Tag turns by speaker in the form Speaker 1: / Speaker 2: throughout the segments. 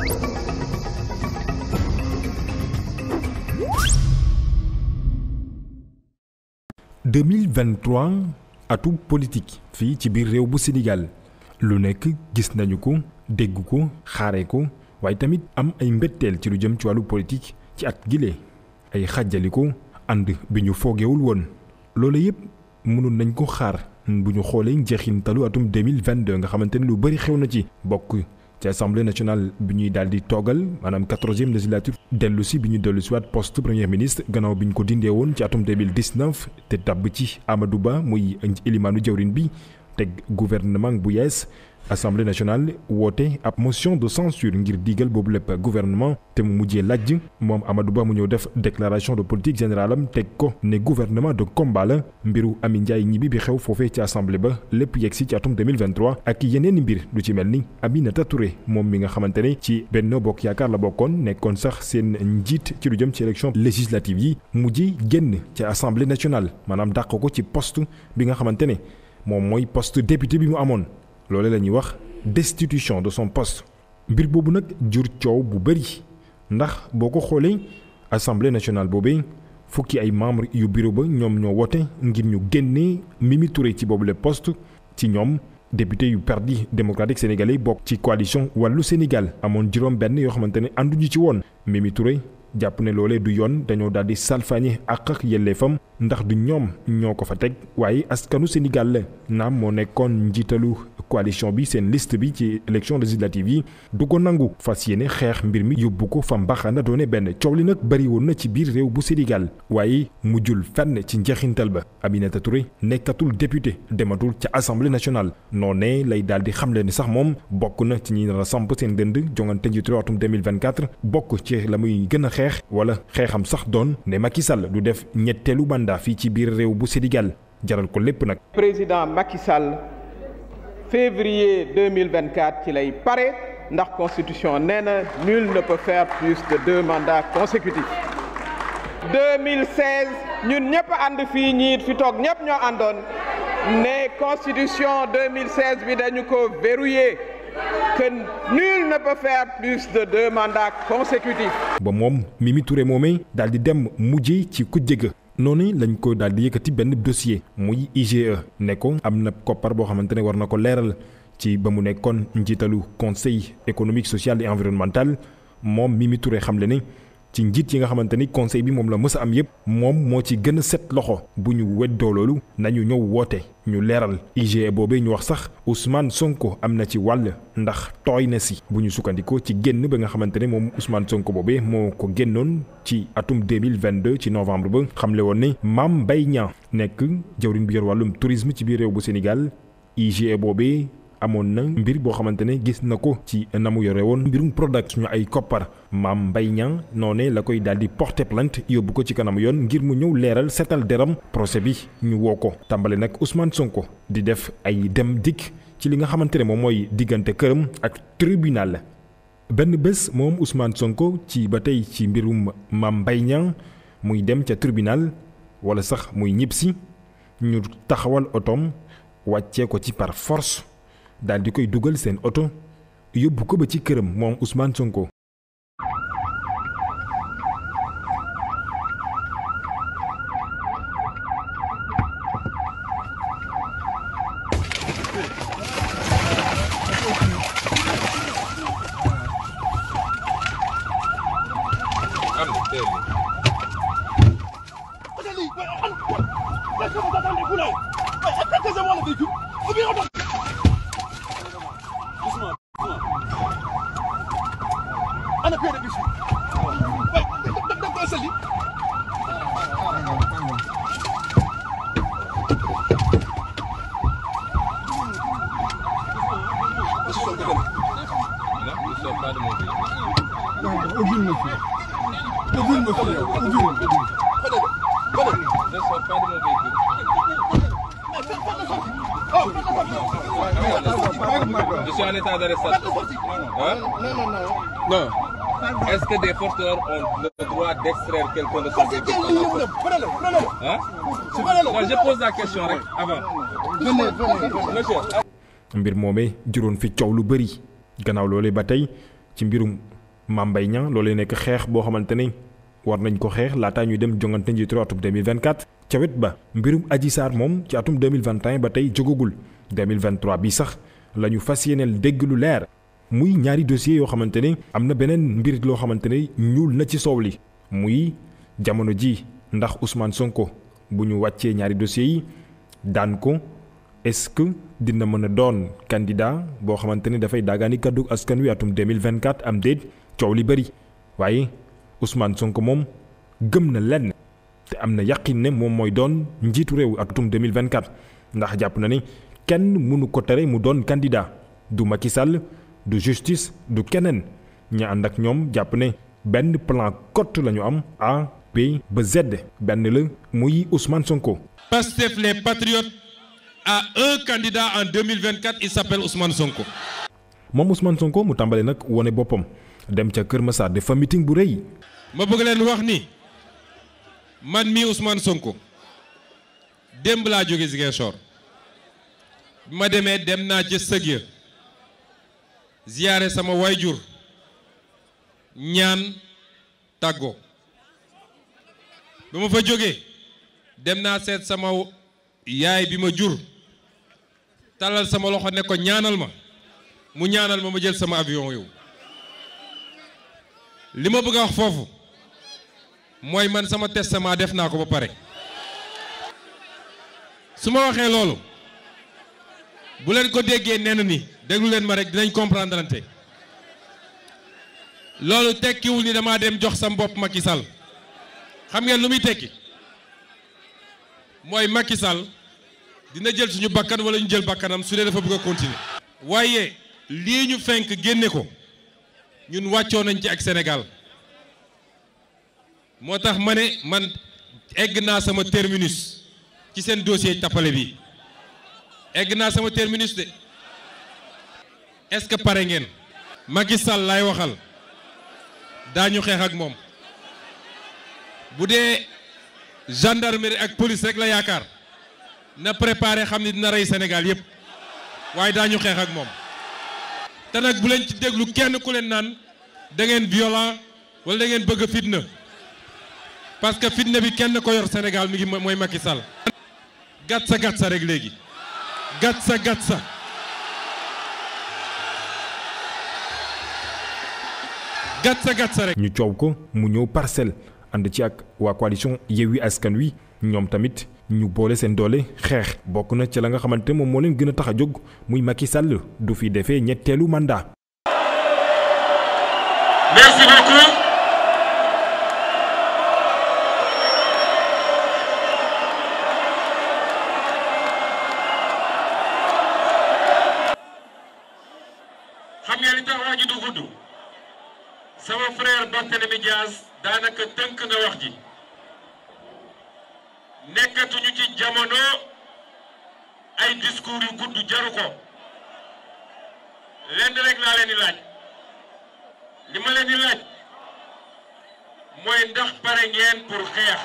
Speaker 1: 2023
Speaker 2: atu politique fii ci biir réew bu Sénégal lu nekk gis nañu ko dégg ko xaare ko waaye tamit am ay mbetteel ci lu jëm ci wàllu politique ci at gile ay xàjjaliko ànd bi ñu foogewul woon loolu yëpp mënoon nañ ko xaar bu ñu xoolee njeexintalu atum 2022 nga xamante ne lu bari xew na ci bokk ci assemblée nationale bi ñuy daal di toogal maanaam quatorzième législature dellu si bi ñu dellu si waat poste premier ministre gannaaw bi ñu ko dindee woon ci atum 2019 te tabb ci Amadou Ba muy ilimaanu jawrin bi teg gouvernement bu yees assemblée nationale woote ab motion de censure ngir digal boobu lépp gouvernement te mu mujjee lajj moom amadu Ba mu ñëw def déclaration de politique généralam teg ko ne gouvernement de combat la mbiru Ami Ndiaye ñibbi bi xew foofe ca assemblée ba lépp yegg si ci atum 2023 ak yeneen mbir lu ci mel ni Aminata Touré moom mi nga xamante ne ci Benno Bokk Yaakaar la bokkoon nekkoon sax seen njiit ci lu jëm ci élection législative yi mujj génn ca assemblée nationale maanaam dàq ko ci poste bi nga xamante ne moom mooy poste député bi mu amoon. loole lañuy wax destitution de son post mbir boobu nag jur coow bu bëri ndax boo ko xoolee assemblée nationale boobee fukki ay membre yu bureau ba ñoom ñoo woote ngir ñu génnee Mimi Touré ci boobu le poste ci ñoom député yu Parti démocratique sénégalais bokk ci coalition wàllu Sénégal amoon juróom benn yoo xamante ne ànduñu ci woon Mimi Touré jàpp ne loolee du yoon dañoo daal di salfaañe àq ak yelleefam ndax du ñoom ñoo ko fa teg waaye askanu Sénégal naam moo nekkoon njiitalu coalition bi seen liste bi ci élection législative yi du ko nangu fas yéene xeex mbir mi yóbbu ko fa mbaxana doone benn coow li nag bëri woon na ci biir réew bu Sénégal waaye mujjul fenn ci njeexintal ba Aminata Touré nekkatul député dematul ca assemblée nationale noonee lay daal di xamle ni sax moom bokk na ci ñi nar a samp seen dënd jongante njiitu réew atum 2024 bokk ci la muy gën a xeex wala xeexam sax doon ne Macky Sall du def ñetteelu mandat fii ci biir réew bu Sénégal jaral ko lépp nag.
Speaker 1: février 2024 ci lay pare ndax constitution nee na nul ne peut faire plus de deux mandats consécutifs 2016 ñun ñëpp ànd fii ñiit fi toog ñëpp ñoo àndoon ne constitution 2016 bi dañu ko verrouiller que nul ne peut faire plus de deux mandats consécutifs.
Speaker 2: ba moom Mimi ture moomee daal di dem mujj ci ku jégg noonu lañ ko daal di yëkkati benn dossier muy IGE ne ko am na koppar boo xamante ne war na ko leeral ci ba mu nekkoon njiitalu conseil économique social et environnemental moom Mimi Touré xamle ne ci njiit yi nga xamante ni conseil bi moom la mës a am yëpp moom moo ci gën set loxo bu ñu weddoo loolu nañu ñëw woote ñu leeral IGE boobee ñu wax sax Ousmane Sonko am na ci wàll ndax tooy na si bu ñu sukkandikoo ci génn ba nga xamante ne moom Ousmane Sonko boobee moo ko génnoon ci atum 2022 ci novembre ba xamle woon ne maam mbay Niang nekk jawriñ bi yor wàllum tourisme ci biir réew bu Sénégal IGE boobee amoon na mbir boo xamante ne gis na ko ci na mu yore woon mbirum Prodac ñu ay koppar maam Mbaye Niang noonee la koy daal di porter plainte yóbbu ko ci kanamu yoon ngir mu ñëw leeral setal deram procès bi ñu woo ko tàmbali nag Ousmane Sonko di def ay dem dikk ci li nga xamante ne moom mooy diggante këram ak tribunal benn bés moom Ousmane Sonko ci ba tey ci mbirum maam mbay Niang muy dem ca tribunal wala sax muy ñibbisi ñu taxawal otoom wàccee ko ci par force daal di koy dugal seen oto yóbbu ko ba ci këram moom Ousmane Sonko ana paie de bisu waaw da nga koy sëli
Speaker 3: Je suis en état d'arrestation. Non, non, non. Non.
Speaker 2: mbir moomee juróon fi coow lu bëri gannaaw loolee ba tey ci mbirum Mame Mbaye Niang loolee nekk xeex boo xamante ne war nañ ko xeex laataa ñuy dem jongante njiitu réew atum 2024. ca wet ba mbirum Adji Sarr moom ci atum 2021 ba tey jógagul 2023 bi sax lañu fas yeneen dégg lu leer. muy ñaari dossier yoo xamante ne am na beneen mbirit loo xamante ne ñuul na ci soow li muy jamono ji ndax Ousmane Sonko bu ñu wàccee ñaari dossiers yi daan ko est-ce que dina mën a doon candidat boo xamante ne dafay daagaani kàddu askan wi atum 2024 am déet coow li bëri waaye Ousmane Sonko moom gëm na lenn te am na yàqin ne moom mooy doon njiitu réew atum 2024 ndax jàpp na ne kenn mënu ko tere mu doon candidat du Macky sàll du justice du keneen ñi ànd ak ñoom jàpp ne benn plan cote lañu am A B ba Z benn la muy Ousmane Sonko.
Speaker 3: Pastef les patriotes a un candidat en 2024 il s'appelle Ousmane Sonko.
Speaker 2: moom Ousmane Sonko mu tàmbali nag wone boppam dem ca Kër Massar def fa mitin bu rëy. ma
Speaker 3: bëgg leen wax ni man mi mii Ousmane Sonko démb laa jóge Ziguinchor bi ma demee dem naa ca sëg ziyaare sama jur ñaan tàggoo ba ma fa jógee dem naa seet sama yaay bi ma jur talal sama loxo ne ko ñaanal ma mu ñaanal ma ma jël sama avion yow li ma bëgg a wax foofu mooy man sama testament def naa ko ba pare su ma waxee loolu bu leen ko déggee nee na ni déglu leen ma rek dinañ comprendre ante loolu tekkiwul ni damaa dem jox sam bopp Macky Sall xam ngeen lu muy tekki mooy Macky dina jël suñu bakkan wala ñu jël bakkanam su dee dafa bëgg a waaye lii ñu fenk génne ko ñun wàccoo nañ ci ak senegal moo tax ma ne man egg naa sama terminus ci seen dossier tappale bi. egg naa sama terminus de est-ce que pare ngeen Macky Sall laay waxal daañu xeex ak moom bu dee gendarmerie ak police rek la yaakaar na préparé xam ni dina rey Sénégal yépp waaye daañu xeex ak moom te nag bu leen ci déglu kenn ku leen naan da ngeen violent wala da ngeen bëgg fitna parce que fitna bi kenn ko yor Sénégal mi ngi mooy Macky sal gàtt sa gàtt sa rek léegi Gatsa Gatsa. Gatsa sa rek.
Speaker 2: ñu coow ko mu ñëw parcelle ànd ci ak waa coalition yi Askan Wi ñoom tamit ñu boole seen doole xeex. bokk na ci la nga xamante moom moo leen gën a tax a jóg muy Macky Sall du fi defee ñetteelu mandat.
Speaker 3: daanaka tënk na wax ji nekkatuñu ci jamono ay discours yu gudd jaru ko lenn rek laa leen di laaj li ma leen laaj mooy ndax pare ngeen pour xeex.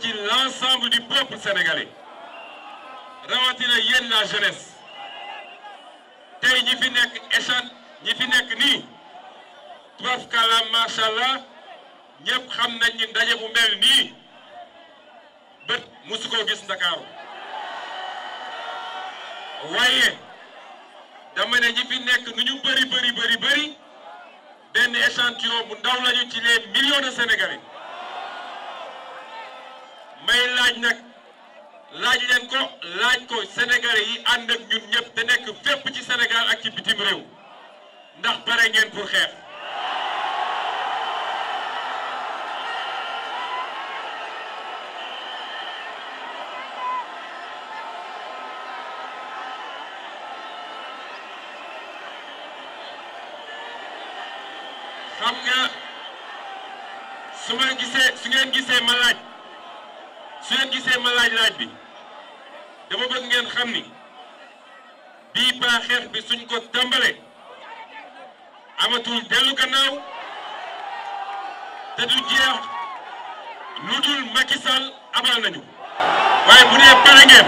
Speaker 3: ci l'ensemble du peuple sénégalais rawatina yéen la jeunesse tey ñi fi nekk échan ñi fi nekk nii tubaarkalla macha allah ñëpp xam nañ ni ndaje bu mel nii bët musu ko gis Ndakaaru waaye dama ne ñi fi nekk nu ñu bëri bëri bëri bëri benn échantillon bu ndaw lañu ci les millions de Sénégalais. may laaj nag laaj leen ko laaj ko sénégalais yi ànd ak ñun ñëpp te nekk fépp ci Sénégal ak ci bitim réew ndax pare ngeen pour xeex. xam nga su ma gisee su ngeen gisee ma laaj su ngeen gisee ma laaj laaj bi dama bëgg ngeen xam ni bii baa bi suñ ko tàmbalee amatul dellu gannaaw te du jeex lu dul Macky abal nañu. waaye bu dee pare ngeen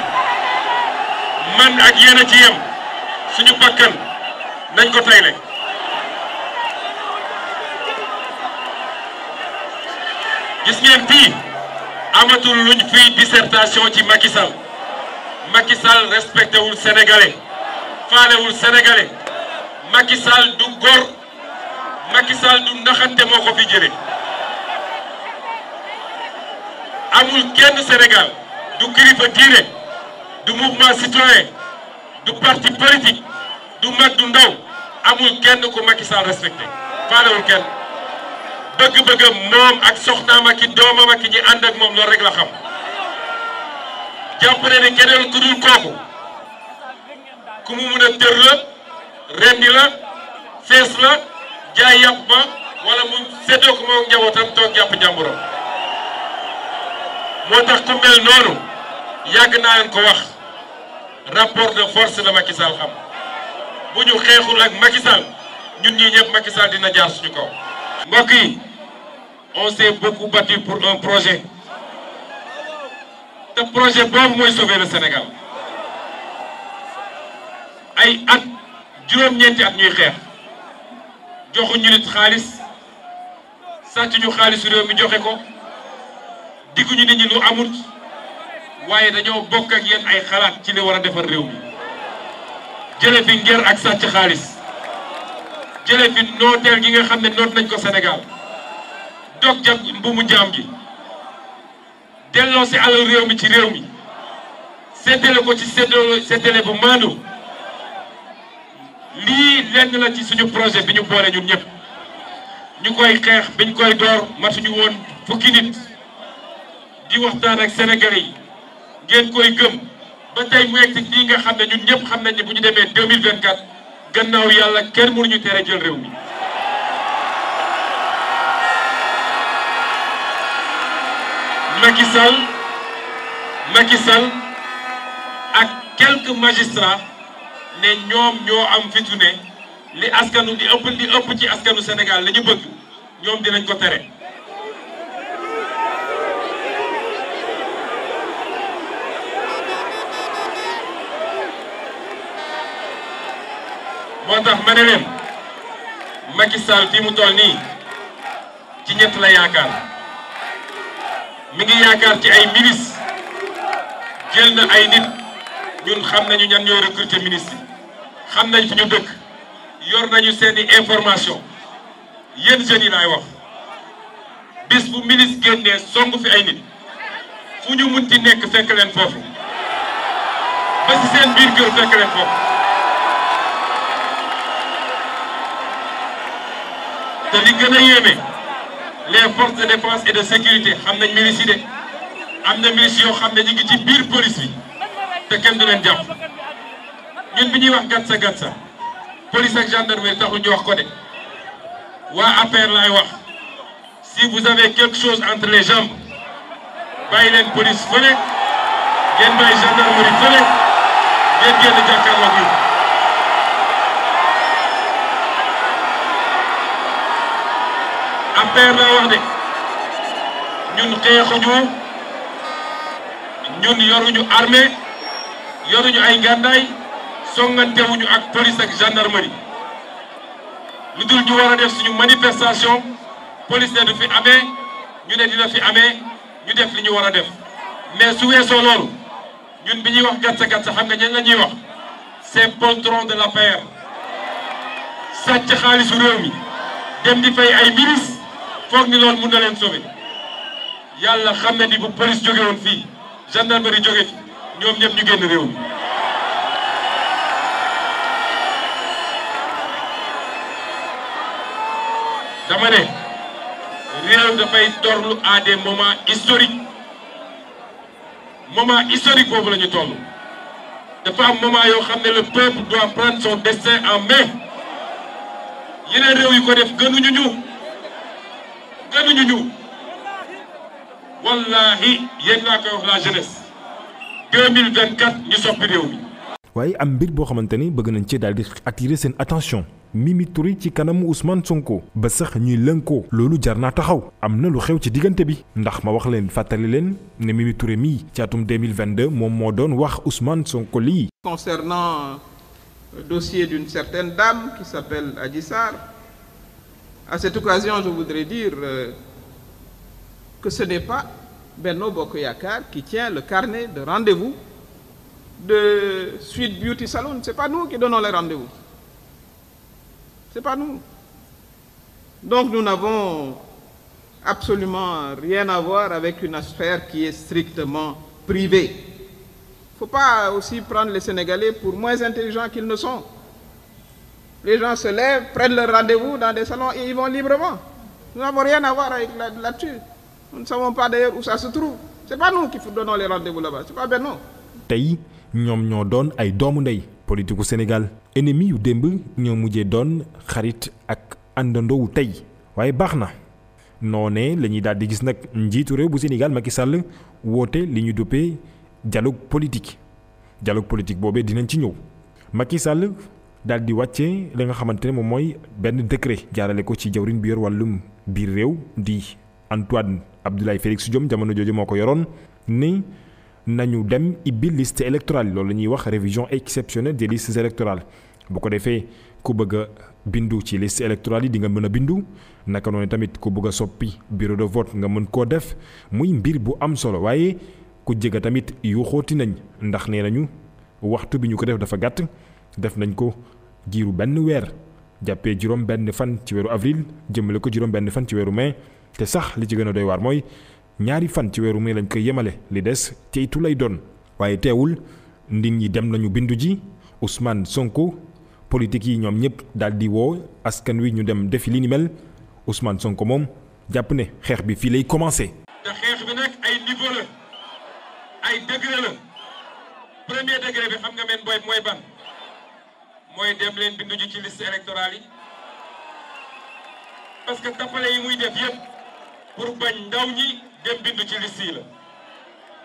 Speaker 3: man ak yéen ci yem suñu bakkan nañ ko tayle. gis ngeen fii. amatul luñ fiy dissertation ci Macky Sall Macky Sall respecté wul sénégalais faalewul sénégalais Macky Sall du góor Macky Sall du naxante moo ko fi jëlee amul kenn senegal du kilifa diine du mouvement citoyen du parti politique du mag du ndaw amul kenn ku Macky Sall respecté faalewul kenn. bëgg-bëggam moom ak soxnaam ak i doomam ak i ñi ànd ak moom loolu rek la xam jàpp ne ni keneen ku dul kooku ku mu mun a tër la rendi la fees la jaay yàpp ba wala mu séddoo ko moom njabootam toog jàpp jàmburam moo tax ku mel noonu yàgg naa leen ko wax rapport de force la Macky Sall xam bu ñu xeexul ak Macky Sall ñun ñii ñëpp dina jaar suñu kaw mbokk on s'est beaucoup battu pour un projet te projet boobu mooy sauver le Sénégal ay at juróom-ñeenti at ñuy xeex joxuñu nit xaalis sàcc ñu xaalisu réew mi joxe ko digguñu nit ñi lu amut waaye dañoo bokk ak yéen ay xalaat ci li war a defar réew mi jële fi ngër ak sàcc xaalis jële fi nooteel gi nga xam ne noot nañ ko Sénégal dog jag mbuumu jaam gi delloo si alal réew mi ci réew mi séddale ko ci séddale séddale bu maandu lii lenn la ci suñu projet bi ñu boole ñun ñëpp ñu koy xeex biñ koy door matuñu woon fukki nit di waxtaan ak Sénégalais yi ngeen koy gëm ba tey mu yegg fii nga xam ne ñun ñëpp xam nañ ne bu ñu demee 2024 gannaaw yàlla kenn mënuñu tere jël réew mi. Macky Sall Macky Sall ak quelques magistrats ne ñoom ñoo am fitu ne li askanu li ëpp li ëpp ci askanu Sénégal la ñu bëgg ñoom dinañ ko tere. moo tax ma ne leen Macky fi mu toll nii ci ñett la yaakaar. mi ngi yaakaar ci ay ministre jël na ay nit ñun xam nañu ñan ñooy recruter ministre xam nañ fi ñu dëkk yor nañu seeni information yéen jeunes yi laay wax bis bu ministre génnee song fi ay nit fu ñu munti nekk fekk leen foofu ba ci seen biir kër fekk leen foofu te li gën a yéeme les forces de défense et de sécurité xam nañ milice yi de am na milice yoo xam ne ñu ngi ci biir police bi te kenn du leen jàpp ñun bi ñuy wax gatsa gatsa police ak gendarmerie taxul ñu wax ko de waa APR laay wax si vous avez quelque chose entre les jambes bàyyi leen police fële ngeen bàyyi gendarmerie fële ngeen génn jàkkaarloo ak APR laa wax de ñun xeexuñu ñun yoruñu armée yoruñu ay ngàndaay songantewuñu ak police ak gendarmerie lu dul ñu war a def suñu manifestation police ne du fi amee ñu ne ñu def li ñu war a def mais su weesoo loolu ñun bi ñuy wax gatsa gatsa xam nga ñan la ñuy wax c'est poltron de l'APR sàcc xaalisu réew dem di fay ay milices foog ni loolu mun na leen yàlla xam ne ni bu police jóge woon fii gendarmerie jóge fi ñoom ñëpp ñu génn réew mi dama ne réew dafay torlu à des moments historiques historique boobu la ñu toll dafa am moment yoo xam ne le peuple doit prendre son destin en main yeneen réew yi ko def gënuñu ñu wallahi yéen laa koy wax la jeunesse ñu soppi réew mi.
Speaker 2: waaye am mbir boo xamante ni bëgg nañ ci daal di attirer seen attention Mimi Touré ci kanamu Ousmane Sonko ba sax ñuy lënkoo loolu jar naa taxaw am na lu xew ci diggante bi ndax ma wax leen fàttali leen ne Mimi Touré mii ci atum 2022 moom moo doon wax Ousmane Sonko lii.
Speaker 1: concernant le euh, dossier d'une certaine dame qui s'appelle Adji À cette occasion, je voudrais dire euh, que ce n'est pas Benno Bokoyakar qui tient le carnet de rendez-vous de Suite Beauty Salon. Ce n'est pas nous qui donnons les rendez-vous. Ce pas nous. Donc nous n'avons absolument rien à voir avec une affaire qui est strictement privée. Il ne faut pas aussi prendre les Sénégalais pour moins intelligents qu'ils ne sont. Les gens se lèvent, prennent leur rendez-vous dans des salons et ils vont librement. Nous n'avons rien à voir avec là trouve. C'est pas nous qui donnons les rendez-vous là c'est pas Benno.
Speaker 2: tey ñoom ñoo doon ay doomu ndey politiku Sénégal ennemi yu démb ñoo mujjee doon xarit ak àndandoowu tey waaye baax na noonee lañuy ñuy daal di gis nag njiitu réew bu Sénégal Macky Sall woote li ñu duppee dialogue politique dialogue politique boobee dinañ ci ñëw Macky dal di wàcce li nga xamante ne moom mooy benn décret jaarale ko ci jawrin bi yor wàllum biir réew di Antoine Abdoulaye Félix Diome jamono jooju moo ko yoroon ni nañu dem ibbi liste électorale loolu la ñuy wax révision exceptionnelle des listes électorales bu ko defee ku bëgg a bindu ci liste électorale yi di nga mën a bindu naka noonu tamit ku bëgg a soppi bureau de vote nga mën koo def muy mbir bu am solo waaye ku jëga tamit yuuxooti nañ ndax nee nañu waxtu bi ñu ko def dafa gàtt def nañ ko giiru benn weer jàppee juróom benn fan ci weeru avril jëmale ko juróom benn fan ci weeru mai te sax li ci gën a doy waar mooy ñaari fan ci weeru mai lañ koy yemale li des teytu lay doon waaye teewul nit ñi dem nañu bindu ji Ousmane Sonko politique yi ñoom ñëpp daal di woo askan wi ñu dem defi li ni mel Ousmane Sonko moom jàpp ne xeex bi fii lay commencé.
Speaker 3: te xeex bi nag ay niveau la ay degré la mooy dem leen bindu ji ci liste électorale yi parce que tappale yi muy def yëpp pour bañ ndaw ñi dem bindu ci liste la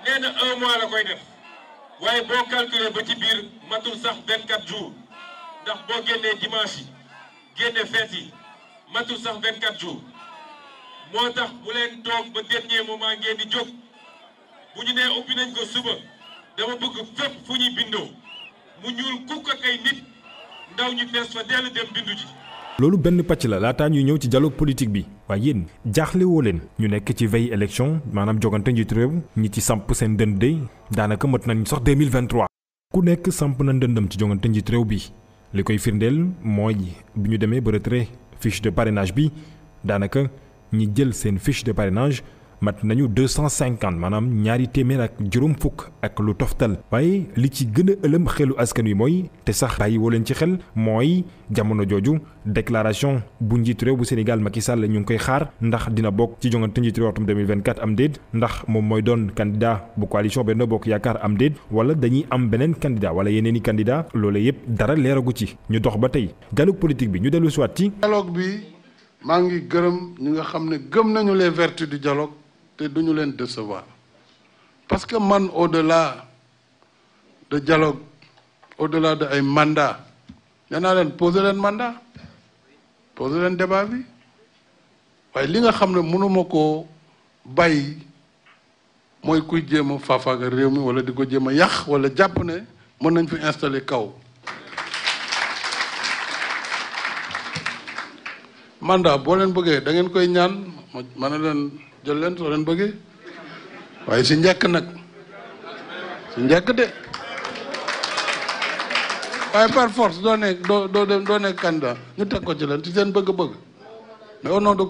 Speaker 3: nee na un mois la koy def waaye boo calculer ba ci biir matul sax 24 jours ndax boo génnee dimanche yi génne fête yi matul sax 24 jours moo tax bu leen toog ba dernier moment ngeen di jóg bu ñu nee ubbi nañ ko suba dama bëgg fépp fu ñuy bindoo mu ñuul kukk ak nit
Speaker 2: loolu benn pàcc la laataa ñuy ñëw ci dialogue politique bi waaye yéen jaaxle leen ñu nekk ci veille élection maanaam jogante njiitu réew ñi ci samp seen dënd day daanaka mat nañ sax 2023. ku nekk samp na ndëndam ci jogante njiitu réew bi li koy firndeel mooy bi ñu demee ba retrait fiche de parrainage bi daanaka ñi jël seen fiche de parrainage. mat nañu deux cent cinquante maanaam ñaari téeméer ak juróom fukk ak lu toftal waaye li ci gën a ëlëm xelu askan wi mooy te sax bàyyi woo leen ci xel mooy jamono jooju déclaration bu njiitu réew bu Sénégal Macky Sall ñu ngi koy xaar ndax dina bokk ci jongante njiitu réew atum 2024 am déet ndax moom mooy doon candidat bu coalition Benno Bokk Yaakaar am déet wala dañuy am beneen candidat wala yeneen i candidat loolu yëpp dara leeragu ci ñu dox ba tey dialogue politique bi ñu dellu siwaat ci
Speaker 4: dialogue bi maa ngi gërëm ñi nga xam ne gëm nañu les vertus du dialogue te ñu leen décevoir parce que man au la de dialogue au-delà de ay manda nee naa leen poser leen mandat poser leen débat waaye li nga xam ne mënuma koo bàyyi mooy kuy jéem a faafaaga réew mi wala di ko jéem a yàq wala jàpp ne mën nañ fi installer kaw mandat boo leen bëggee da koy ñaan ma leen jël leen soo leen bëggee waaye si njekk nag si njëkk de waaye par force doo nekk doo ñu teg ko ci leen ci seen bëgg-bëgg mais au nom de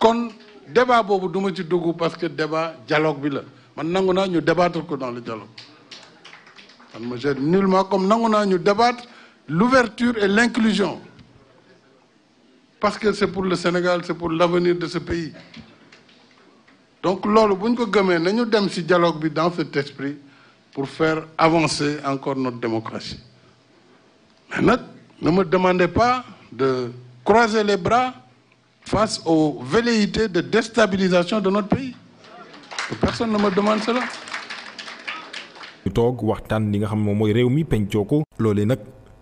Speaker 4: kon débat boobu duma ma ci dugg parce que débat dialogue bi la man nangu naa ñu débattre ko dans le dialogue man ma jette nullement comme nangu naa ñu débattre l'ouverture et l'inclusion parce que c'est pour le Sénégal c'est pour l'avenir de ce pays donc loolu bu ko gëmee nañu dem ci dialogue bi dans cet esprit pour faire avancer encore notre démocratie nag ne me demandez pas de croiser les bras face aux velléités de déstabilisation de notre pays personne ne demande cela
Speaker 2: ñu toog waxtaan li nga xam moom mooy réew mi pencoo ko loolee nag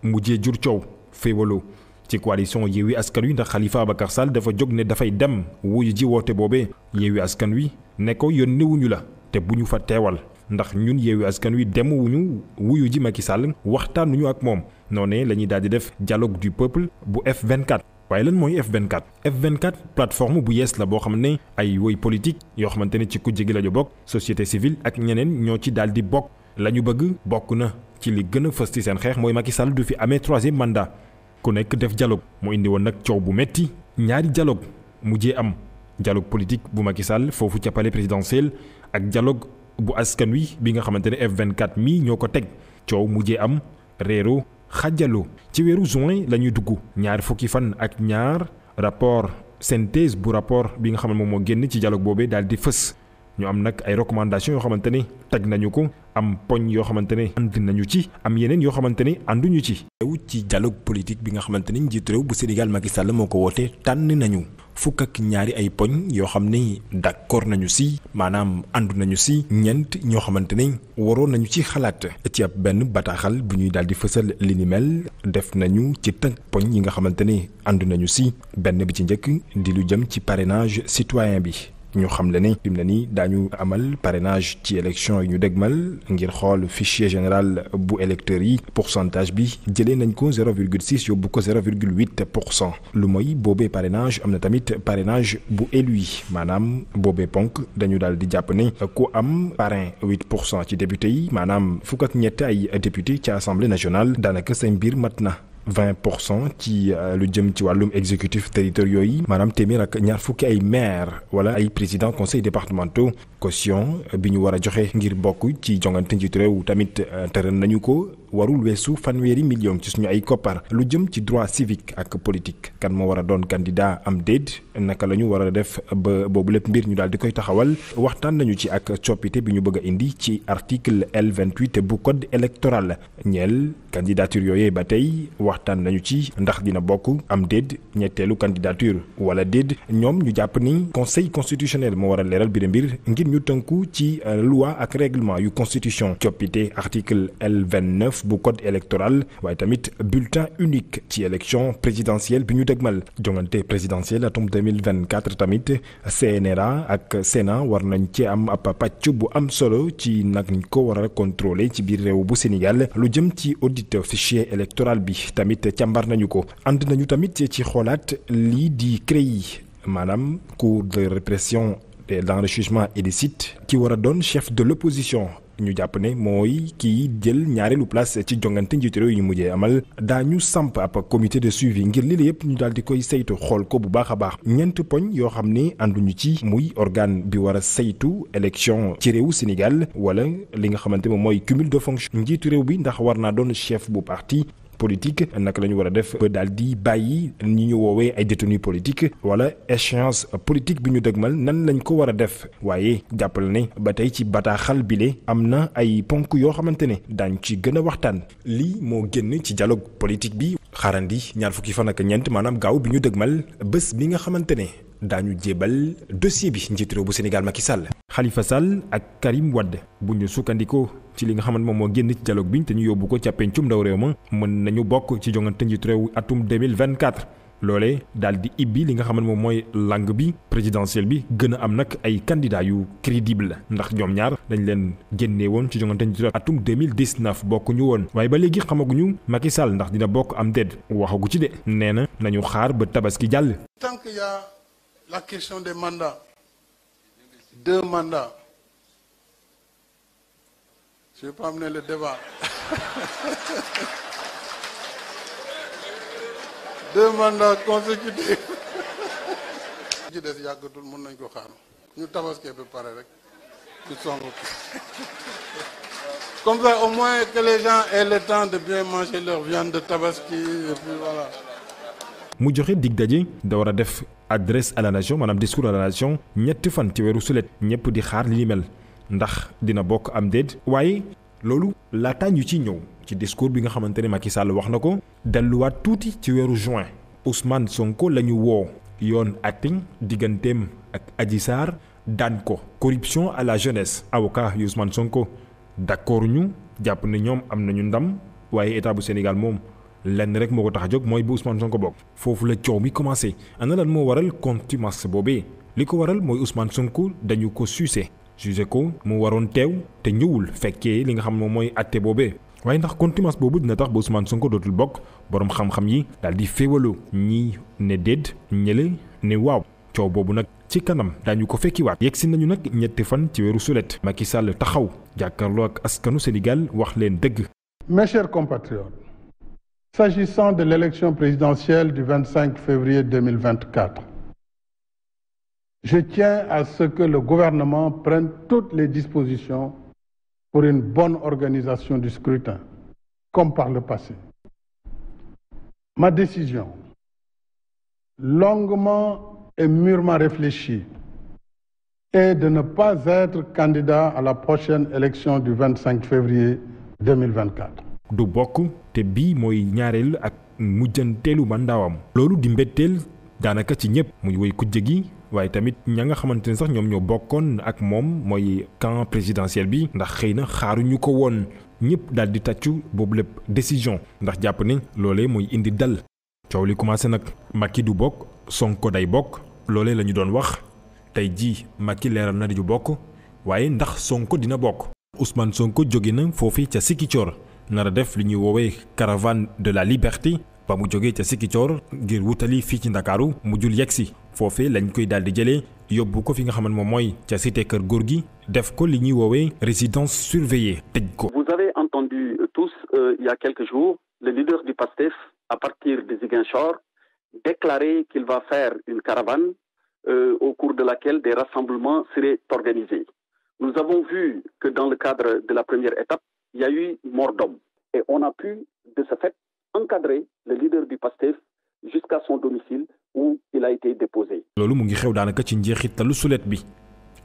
Speaker 2: mujjee jur coow féewaloo ci coalition Yewwi Askan Wi ndax Khalifa Abacar Sall dafa jóg ne dafay dem wuyu ji woote boobee Yewwi Askan Wi ne ko yónneewuñu la te bu ñu fa teewal ndax ñun Yewwi Askan Wi dem wuñu wuyu ji Macky Sall waxtaanuñu ak moom noonee la ñuy daal di def dialogue du peuple bu F24. waaye lan mooy F24 F24 plateforme bu yees la boo xam ne ay woy politique yoo xamante ne ci ko gi la bokk société civile ak ñeneen ñoo ci daal di bokk la ñu bëgg bokk na ci li gën a fës ci seen xeex mooy Macky Sall du fi amee troisième mandat. ku nekk def dialogue mu indi woon nag coow bu metti ñaari mu mujjee am dialogue politique bu Macky Sall foofu ca pale présidentiel ak dialogue bu askan wi bi nga xamante ne F24 mii ñoo ko teg coow mu jee am réero xàjjaloo ci weeru juin la ñuy dugg ñaari fukki fan ak ñaar rapport synthèse bu rapport bi nga xam moom moo génn ci dialogue boobee daal di fës ñoo am nag ay recommandations yoo xamante ni teg nañu ko am poñ yoo xamante ne ànd nañu ci am yeneen yoo xamante ni ànduñu ci. teew ci dialogue politique bi nga xamante ni njiitu réew bu Sénégal Macky Sall moo ko woote tànn nañu fukk ak ñaari ay poñ yoo xam ne d'accord nañu si maanaam àndu nañu si ñeent ñoo xamante ne waroon nañu ci xalaat ci benn bataaxal bu ñuy daal di fësal li ni mel def nañu ci tënk poñ yi nga xamante ne ànd nañu si benn bi ci njëkk di lu jëm ci parrainage citoyen bi. ñu xam le ni fi na ne nii daañu amal parrainage ci élection yi ñu dégmal ngir xool fichier général bu électeurs yi pourcentage bi jëlee nañ ko 0,6 yóbbu ko 0,8 pour cent lu mooy boobee parrainage am na tamit parrainage bu élu yi maanaam boobee ponk dañu daal di jàpp ne ku am parrain 8 pour cent ci député yi maanaam fukk ak ñett ay député ci assemblée nationale daanaka seen biir mat na vingt pour cent ci euh, lu jëm ci wàllum exécutif territoriaux yi maanaam téeméer ak ñaar fukki ay maire wala ay président conseil départementaux caution bi ñu war a joxe ngir bokk ci jongante njiitu réew tamit euh, tëral nañu ko warul weesu fanweeri million ci suñu ay koppar lu jëm ci droit civique ak politique kan moo war a doon candidat am déet naka la ñu war def ba boobu lépp mbir ñu daal di koy taxawal waxtaan nañu ci ak coppite bi ñu bëgg a indi ci article L28 bu code électoral ñeel candidature yooyee ba tey waxtaan nañu ci ndax dina bokk am déet ñetteelu candidature wala déet ñoom ñu jàpp ni conseil constitutionnel moo war a leeral bi mbir ngir ñu tënku ci loi ak règlement yu constitution coppite article bu code électoral waaye tamit bulletin unique ci élection présidentielle bi ñu dëgmal jongante présidentielle atum 2024 tamit CNRA ak Sénat war nañ ci am ab pàcc bu am solo ci nag ñu ko war a contrôler ci biir réew bu Sénégal lu jëm ci audit fichier électoral bi tamit cambar nañu ko ànd nañu tamit ci xoolaat lii di CREI maanaam Cour de répression de l'enrichissement illicite ki war a doon chef de l'opposition ñu jàpp ne mooy kii jël ñaareelu place ci jongante njiitu réew yi ñu mujjee amal daañu samp ab comité de suivi ngir lii la yëpp ñu daal di koy saytu xool ko bu baax a baax ñeent poñ yoo xam ni ànduñu ci muy organe bi war a saytu élection ci réewu Sénégal wala li nga xamante moom mooy cumul de fonction njiitu réew bi ndax war naa doon chef bu parti politique naka la ñu war a def ba daal di bàyyi ñi ñu woowee ay détenus politique wala échéance politique bi ñu dëgmal nan lañ ko war a def waaye jàppale ne ba tey ci bataaxal bile am na ay ponk yoo xamante ne daañ ci gën a waxtaan lii moo génn ci dialogue politique bi xaarandi ñaar fukki fa ak ñeent maanaam gaaw bi ñu dëgmal bés bi nga xamante ne daañu jébal dossier bi njiitu réew bu Sénégal Macky Sall. Khalifa Sall ak Karim Wade bu ñu sukkandikoo ci li nga xamante moom moo génn ci dialogue bi te ñu yóbbu ko ca pencum ndaw réew ma mën nañu bokk ci jongante njiitu réew atum 2024. loolee daal di ibbi li nga xamante moom mooy langue bi présidentielle bi gën a am nag ay candidats yu crédible ndax ñoom ñaar dañ leen génnee woon ci jongante njiitu réew atum 2019 bokkuñu woon waaye ba léegi xamaguñu Macky Sall ndax dina bokk am déet waxagu ci de nee na nañu xaar ba tabaski jàll.
Speaker 4: la question des mandats deux mandats je vais le débat deux mandats consécutifs ci des yàggatul mën nañ ko xaar ñu tabaskee ba pare rek ñu song comme ça au moins que les gens aient le temps de bien manger leur viande de tabaski et voilà
Speaker 2: mu joxe dig daje war a def adresse à la nation maanaam discours à la nation ñetti fan ci weeru sulet ñëpp di xaar li mel ndax dina bokk am déet waaye loolu laataa yu ci ñëw ci discours bi nga xamante ne Macky Sall wax na ko delluwaat tuuti ci weeru juin Ousmane Sonko la ñu woo yoon acting digganteem ak Adji Sarr daan ko corruption à la jeunesse avocat yu Ousmane Sonko d'accord ñu jàpp na ñoom am na ñu ndam waaye état bu Sénégal moom lenn rek moo ko tax a jóg mooy bu Ousmane Sonko bokk foofu la coow mi commencé ana lan moo waral contumace boobee li ko waral mooy Ousmane Sonko dañu ko suuse suuse ko mu waroon teew te ñëwul fekkee li nga xam moom mooy atte boobee waaye ndax contumace boobu dina tax ba Ousmane Sonko dootul bokk boroom xam-xam yi daal di féewaloo ñi ne déet ñële ne waaw coow boobu nag ci kanam daañu ko fekkiwaat yegsi nañu nag ñetti fan ci weeru sulet Macky Sall taxaw jàkkaarloo ak askanu Sénégal wax leen dëgg.
Speaker 4: mes chers compatriotes. S'agissant de l'élection présidentielle du 25 février 2024, je tiens à ce gouvernement prenne toutes les dispositions pour une bonne organisation du scrutin, comme par le Ma décision, longuement et mûrement réfléchie, est de ne pas être candidat à la prochaine élection du 25 février 2024.
Speaker 2: du bokk te bii mooy ñaareel ak mujjanteelu mandaawam loolu di mbetteel daanaka ci ñëpp muy woy kujje gi waaye tamit ña nga xamante ne sax ñoom ñoo bokkoon ak moom mooy camp présidentiel bi ndax xëy na xaaruñu ko woon ñëpp daal di tàccu boobu lépp décision ndax jàpp ni loole mooy indi dal coow li commencé nag Macky du bokk Sonko day bokk loole la ñu doon wax tey jii Macky leeral na ju bokk waaye ndax Sonko dina bokk Ousmane Sonko jóge na foofii ca Sikicoor nar def li ñuy woowee caravane de la liberté ba mu jógee ca Sikicoor ngir wutali fii ci Ndakaaru mujjul yegsi foofee lañ koy daal di jëlee yóbbu ko fi nga xamante moom mooy ca cité kër góor gi def ko li ñuy woowee résidence surveillée tëj ko.
Speaker 3: Vous avez entendu euh, tous euh, il y a quelques jours le leader du PASTEF à partir de Ziguinchor déclarer qu'il va faire une caravane euh, au cours de laquelle des rassemblements seraient organisés. Nous avons vu que dans le cadre la première étape il y a eu mort d'homme. Et on a pu, de ce fait, encadrer le leader du PASTEF jusqu'à son domicile où il a été déposé.
Speaker 2: loolu mu ngi xew daanaka ci njeexitalu sulet bi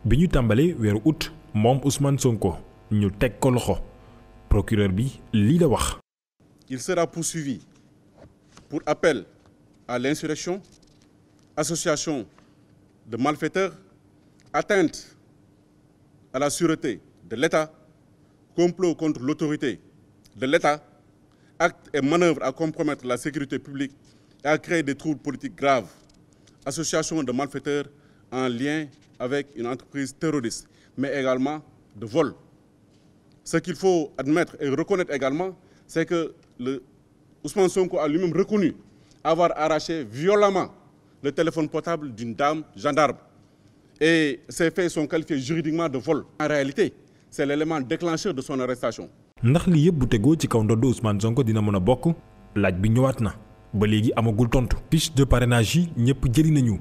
Speaker 2: bi ñu tàmbalee weeru août moom Ousmane Sonko ñu teg ko loxo procureur bi lii la wax.
Speaker 4: il sera poursuivi pour appel à l'insurrection association de malfaiteurs atteinte à la sûreté de l'État complot contre l'autorité de l'État, acte et manœuvre à compromettre la sécurité publique et à créer des troubles politiques graves, association de malfaiteurs en lien avec une entreprise terroriste, mais également de vol. Ce qu'il faut admettre et reconnaître également, c'est que le Ousmane Sonko a lui-même reconnu avoir arraché violemment le téléphone portable d'une dame gendarme. Et ces faits sont qualifiés juridiquement de vol. En réalité, c'est l'élément déclencheur de son arrestation.
Speaker 2: ndax lii yëpp bu tegoo ci kaw ndodd Ousmane Sonko dina mën a bokk laaj bi ñëwaat na ba léegi amagul tontu. fiche de parrainage yi ñëpp jëli nañu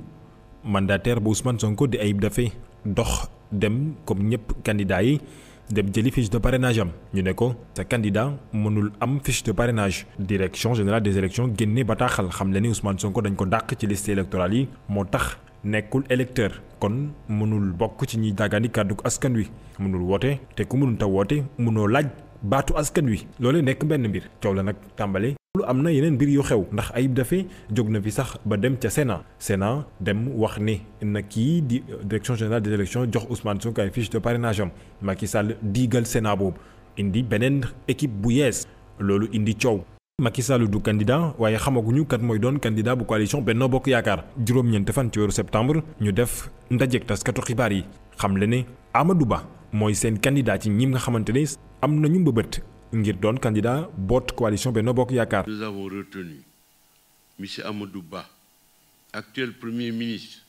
Speaker 2: mandataire ba Ousmane Sonko di Ayib Daffé dox dem comme ñëpp candidat yi dem jëli fiche de parrainage am ñu ne ko sa candidat mënul am fiche de parrainage. direction générale des élections génne bataaxal xam le ni Ousmane Sonko dañ ko dàq ci liste électorale yi moo tax. nekkul électeur kon mënul bokk ci ñuy dagani kàddu askan wi mënul woote te ku mënul ta woote mënoo laaj baatu askan wi loolee nekk benn mbir coow la nag tàmbale lu am na yeneen mbir yu xew ndax Ayib Daffé jóg na fi sax ba dem ca sena Sénat dem wax ni na kii di euh, direction générale des élections jox Ousmane Sonko ay fiche de parrainage am Macky Sall diigal sena boobu indi beneen équipe bu yees loolu indi coow Macky Sall du candidat waaye xamaguñu kat mooy doon candidat bu coalition Benno Bokk Yaakaar juróom-ñeent fan ci weeru ñu def ndajeek taskatu xibaar yi xam le ne Amadou Ba mooy seen candidat ci ñim nga xamante ne am ñu mbëbët ngir doon candidat boot coalition Benno Bokk Yaakaar. Nous avons retenu monsieur Amadou Ba
Speaker 4: actuel premier ministre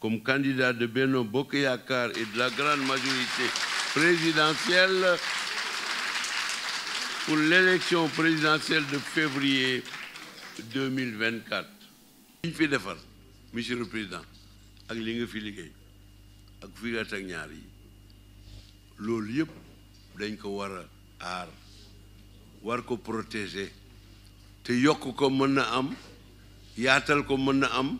Speaker 4: comme candidat de Benno Bokk Yaakaar et de la grande majorité présidentielle. pour l'élection présidentielle de février 2024 li ñu fi defar monsieur le président ak li nga fi liggéey ak figat ak ñaar yi loolu yëpp dañ ko war a aar war ko protéger te yokk ko mën na am yaatal ko mën na am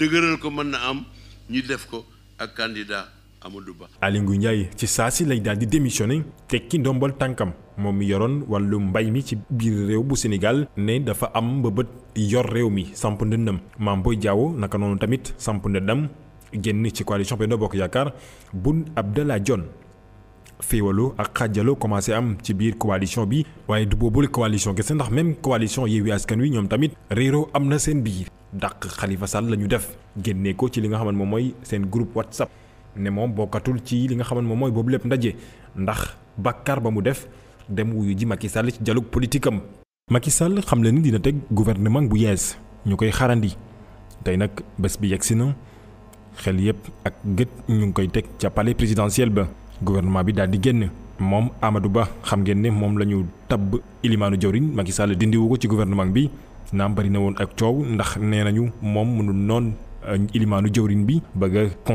Speaker 4: dëgëral ko mën na am ñu def ko ak candidat Amadou Ba.
Speaker 2: Aly Ngouille Ndiaye ci saa si lay daal di démissionné tekki ndombal tànkam moom mi yoroon wàllu mbay mi ci biir réew bu Sénégal ne dafa am ba bët yor réew mi samp ndëndam Mame Boye Diao naka noonu tamit samp ndëndam génn ci coalition Benno Bokk Yaakaar ab Abdallah Dionne féewaloo ak xaajaloo commencé am ci biir coalition bi waaye du boobule coalition kese ndax même coalition Yewwi Askan Wi ñoom tamit réeroo am na seen biir dàq Khalifa Sall la ñu def génnee ci li nga xamante moom mooy seen groupe WhatsApp. ne moom bokkatul ci li nga xam ne moom mooy boobu lépp ndaje ndax bàkkaar ba mu def dem wuyu ji Macky Sall ci jalug politikam am. Sall xam le ni dina teg gouvernement bu yees ñu koy xarandi tey nag bés bi yegsi na xel yépp ak gët ñu ngi koy teg ca pale présidentiel ba gouvernement bi daal di génn. moom Amadou Ba xam ngeen ne moom la ñu tabb ilimaanu jawriñ Macky Sall dindiwu ko ci gouvernement bi naam bari na woon ak coow ndax nee nañu moom mënul noon Euh, ilimaanu jëwrin bi bëgg a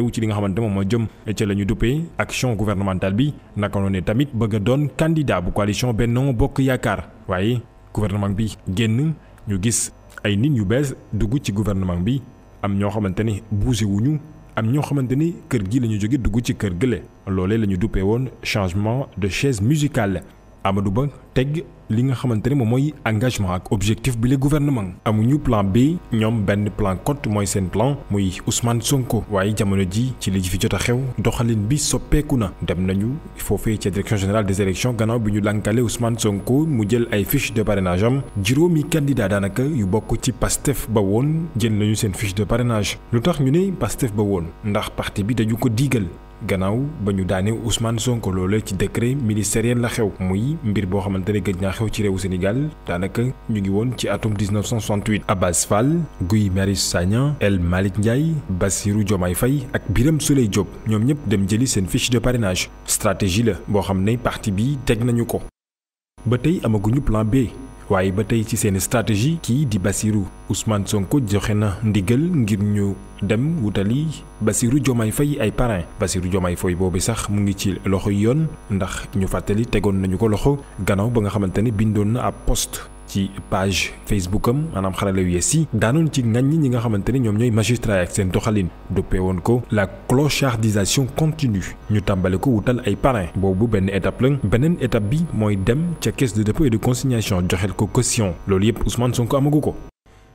Speaker 2: wu ci li nga xamante moom moo jëm ca la ñu duppee action gouvernementale bi naka noonu tamit bëgg doon candidat bu coalition Benno Bokk Yaakaar waaye gouvernement bi génn ñu gis ay nit ñu bees dugg ci gouvernement bi am ñoo xamante ne bougé wuñu am ñoo xamante ni kër gi la ñu jóge dugg ci kër gële loolee la ñu duppee woon changement de chaise musicale Amadou Ba teg li nga xamante ne moom mooy engagement ak objectif bi le gouvernement amuñu plan B ñoom benn plan cote mooy seen plan muy Ousmane Sonko waaye jamono ji ci li fi jot a xew doxalin bi soppeeku na dem nañu foofee ca direction générale des élections gannaaw bi ñu lànkale Ousmane Sonko mu jël ay fiche de parrainage am juróomi candidat daanaka yu bokk ci Pastef ba woon jël nañu seen fiche de parrainage lu tax ñu ne Pastef ba woon ndax parti bi dañu ko diigal gannaaw ba ñu daanee Ousmane Sonko loola ci décret ministériel la xew muy mbir boo xamante ne gëj naa xew ci réewu Sénégal daanaka ñu ngi woon ci atum 1968 Abbas Fall Guy Marius Sagna El Malick Ndiaye Bassirou Diomaye fay ak biram Souleye Diop ñoom ñëpp dem jëli seen fiche de parrainage stratégie la boo xam ne parti bi teg nañu ko. ba tey amaguñu plan B. waaye ba tey ci seen stratégie kii di Bassirou Ousmane sonk joxe na ndigal ngir ñu dem wutali Bassirou Diomaye Faye ay parrain Bassirou Diomaye Faye boobu sax mu ngi ci loxo yi yoon ndax ñu fàttali tegoon nañu ko loxo gannaaw ba nga xamante ne bindoon na ab post ci page Facebook am maanaam xarala yu yees yi daanoon ci ngañ ñi nga xamante ni ñoom ñooy magistrat yi ak seen doxalin duppee woon ko la clochardisation continue ñu tàmbale ko wutal ay parrain boobu benn étape la beneen étape bi mooy dem ca caisse de dépôt et de consignation joxel ko caution loolu yëpp Ousmane Sonko amagu ko.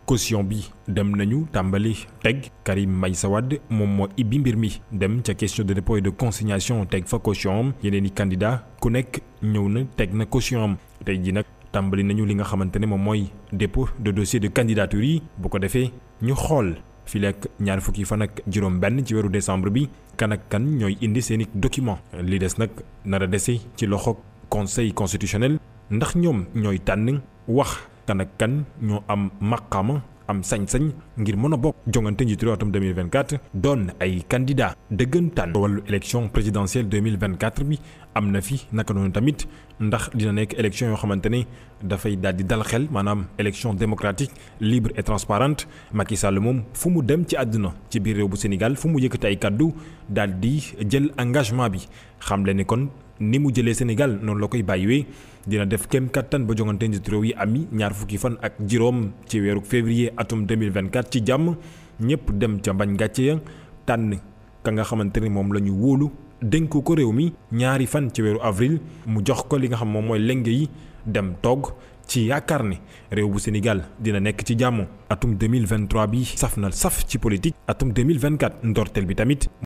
Speaker 2: caution bi dem nañu tàmbali teg Karim Meïssa Wade moom moo ibbi mbir mi dem ca question de dépôt et de consignation teg fa caution am yeneen i candidat ku nekk ñëw na teg na caution tey ji nag tàmbali nañu li nga xamante ne moom mooy dépôt de dossier de candidature yi bu ko defee ñu xool fi lekk ñaar fukki fan ak juróom benn ci weeru décembre bi kan kan ñooy indi seeni document li des nag nar a dese ci loxo conseil constitutionnel ndax ñoom ñooy tànn wax kan kan ñoo am maqaama am sañ-sañ ngir mën a bokk jongante njiitu réew atum 2024 doon ay candidat dëggantaan wàllu élection présidentielle 2024 bi am na fi naka noonu tamit ndax dina nekk élection yoo xamante ne dafay daal di dal xel maanaam élection démocratique libre et transparente Macky Sall moom fu mu dem ci àdduna ci biir réew bu Sénégal fu mu yëkkati ay kàddu daal di jël engagement bi xam le ni kon ni mu jëlee Sénégal noonu la koy bàyyiwee dina def kem kattan ba jongante njiitu réew yi ami ñaar fukki fan ak juróom ci weeru février atum 2024 ci jàmm ñëpp dem ca mbañ gàcce ya tànn ka nga xamante ni moom la ñu wóolu dénk ko réew mi ñaari fan ci weeru avril mu jox ko li nga xam moom mooy lenge yi dem toog ci yaakaar ne réew bu Sénégal dina nekk ci jàmm atum 2023 bi saf na saf ci politique atum 2024 ndorteel bi tamit